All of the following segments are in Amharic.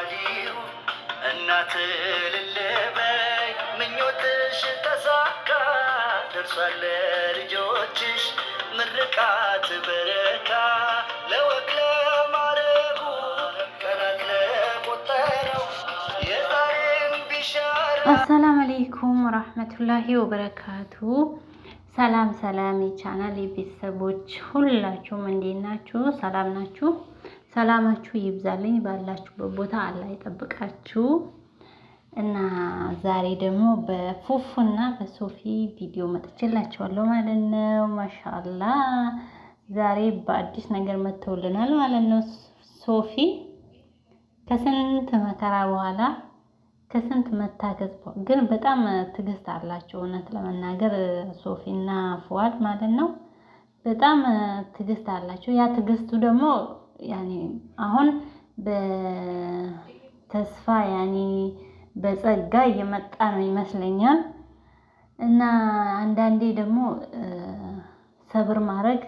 ወዳጅሁ እናት ልልበይ ምኞትሽ ተሳካ ደርሷል ልጆችሽ ምርቃት በረካ ለወግ ለማዕረጉ ቀናት ለቆጠረው የዛሬን ቢሻራ። አሰላም አለይኩም ወራህመቱላሂ ወበረካቱ። ሰላም ሰላም የቻናል የቤተሰቦች ሁላችሁም እንዴት ናችሁ? ሰላም ናችሁ? ሰላማችሁ ይብዛልኝ። ባላችሁበት ቦታ አላህ ይጠብቃችሁ እና ዛሬ ደግሞ እና በሶፊ ቪዲዮ መጥቼላችኋለሁ ማለት ነው። ማሻላ ዛሬ በአዲስ ነገር መተውልናል ማለት ነው። ሶፊ ከስንት መከራ በኋላ ከስንት መታገዝ ግን በጣም ትዕግስት አላቸው። እውነት ለመናገር እና ፍዋድ ማለት ነው በጣም ትዕግስት አላቸው። ያ ትዕግስቱ ደግሞ ያኔ አሁን በተስፋ ያኔ በጸጋ እየመጣ ነው ይመስለኛል። እና አንዳንዴ ደግሞ ሰብር ማድረግ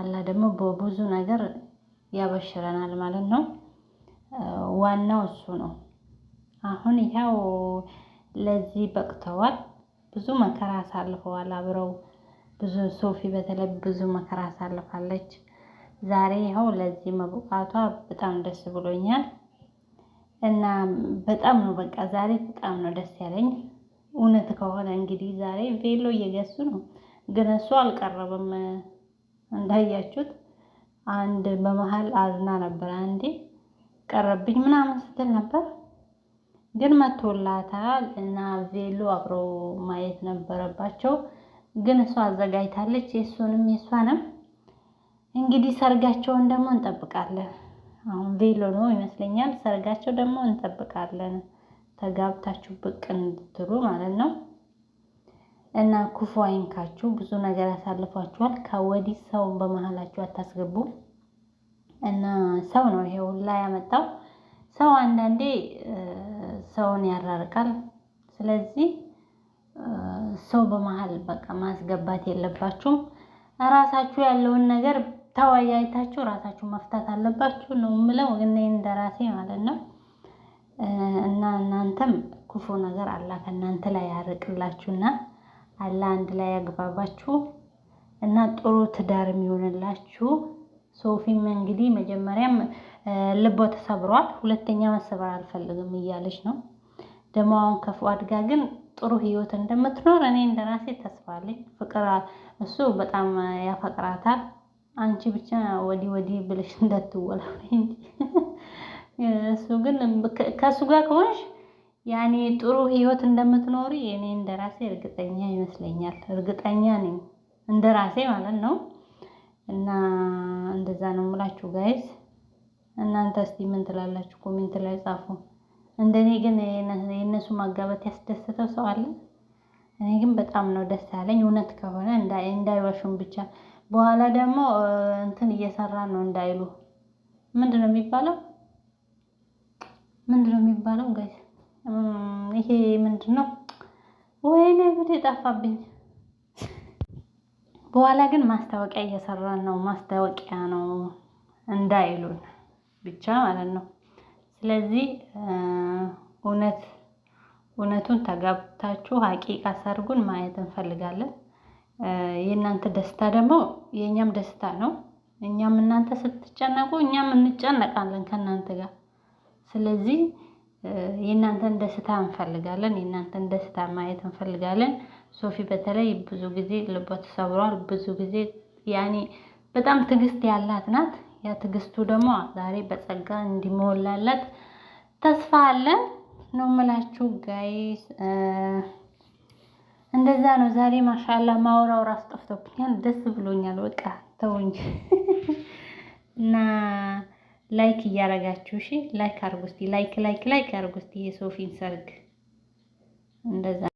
አላ ደግሞ በብዙ ነገር ያበሽረናል ማለት ነው። ዋናው እሱ ነው። አሁን ያው ለዚህ በቅተዋል። ብዙ መከራ አሳልፈዋል አብረው ብዙ ሶፊ በተለይ ብዙ መከራ አሳልፋለች። ዛሬ ይኸው ለዚህ መብቃቷ በጣም ደስ ብሎኛል እና በጣም ነው በቃ ዛሬ በጣም ነው ደስ ያለኝ። እውነት ከሆነ እንግዲህ ዛሬ ቬሎ እየገሱ ነው፣ ግን እሱ አልቀረበም። እንዳያችሁት አንድ በመሀል አዝና ነበር። አንዴ ቀረብኝ ምናምን ስትል ነበር፣ ግን መቶላታል እና ቬሎ አብሮ ማየት ነበረባቸው። ግን እሷ አዘጋጅታለች የእሱንም የእሷንም እንግዲህ ሰርጋቸውን ደግሞ እንጠብቃለን። አሁን ቬሎ ነው ይመስለኛል። ሰርጋቸው ደግሞ እንጠብቃለን። ተጋብታችሁ ብቅ እንድትሉ ማለት ነው። እና ክፉ አይንካችሁ። ብዙ ነገር ያሳልፏችኋል። ከወዲህ ሰውን በመሀላችሁ አታስገቡ። እና ሰው ነው ይሄ ሁላ ያመጣው። ሰው አንዳንዴ ሰውን ያራርቃል። ስለዚህ ሰው በመሀል በቃ ማስገባት የለባችሁም። እራሳችሁ ያለውን ነገር ተወያይታችሁ ራሳችሁ መፍታት አለባችሁ ነው የምለው እኔ እንደራሴ ማለት ነው። እና እናንተም ክፉ ነገር አላህ ከእናንተ ላይ ያርቅላችሁና አላህ አንድ ላይ ያግባባችሁ እና ጥሩ ትዳር የሚሆንላችሁ። ሶፊም እንግዲህ መጀመሪያም ልቦ ተሰብሯል፣ ሁለተኛ መሰበር አልፈልግም እያለች ነው። ደግሞ አሁን ከፉ አድጋ ግን ጥሩ ህይወት እንደምትኖር እኔ እንደራሴ ተስፋ አለኝ። ፍቅር እሱ በጣም ያፈቅራታል። አንቺ ብቻ ወዲህ ወዲህ ብለሽ እንዳትወላወይ እንጂ እሱ ግን ከእሱ ጋር ከሆንሽ ያኔ ጥሩ ህይወት እንደምትኖሪ እኔ እንደ ራሴ እርግጠኛ ይመስለኛል። እርግጠኛ ነኝ እንደራሴ ማለት ነው። እና እንደዛ ነው የምላችሁ ጋይስ። እናንተ እስቲ ምን ትላላችሁ? ኮሜንት ላይ ጻፉ። እንደኔ ግን የእነሱ ማጋባት ያስደስተው ሰው አለ? እኔ ግን በጣም ነው ደስ ያለኝ። እውነት ከሆነ እንዳይዋሹም ብቻ በኋላ ደግሞ እንትን እየሰራ ነው እንዳይሉ ነው የሚባለው? ነው የሚባለው? ጋይ ይሄ ምንድነው? ወይኔ ጉዴ ጠፋብኝ። በኋላ ግን ማስታወቂያ እየሰራን ነው፣ ማስታወቂያ ነው እንዳይሉን ብቻ ማለት ነው። ስለዚህ እውነት እውነቱን ተጋብታችሁ ሀቂቃ ሰርጉን ማየት እንፈልጋለን። የእናንተ ደስታ ደግሞ የእኛም ደስታ ነው። እኛም እናንተ ስትጨነቁ እኛም እንጨነቃለን ከእናንተ ጋር። ስለዚህ የእናንተን ደስታ እንፈልጋለን፣ የእናንተን ደስታ ማየት እንፈልጋለን። ሶፊ በተለይ ብዙ ጊዜ ልቧ ተሰብሯል። ብዙ ጊዜ ያኔ በጣም ትዕግስት ያላት ናት። ያ ትዕግስቱ ደግሞ ዛሬ በጸጋ እንዲሞላላት ተስፋ አለን ነው የምላችሁ ጋይስ። እንደዛ ነው። ዛሬ ማሻላ ማውራው ራስ ጠፍቶብኛል። ደስ ብሎኛል። በቃ ተወኝ እና ላይክ እያረጋችሁ እሺ፣ ላይክ አርጉ እስቲ፣ ላይክ ላይክ ላይክ አርጉ እስቲ የሶፊን ሰርግ እንደዛ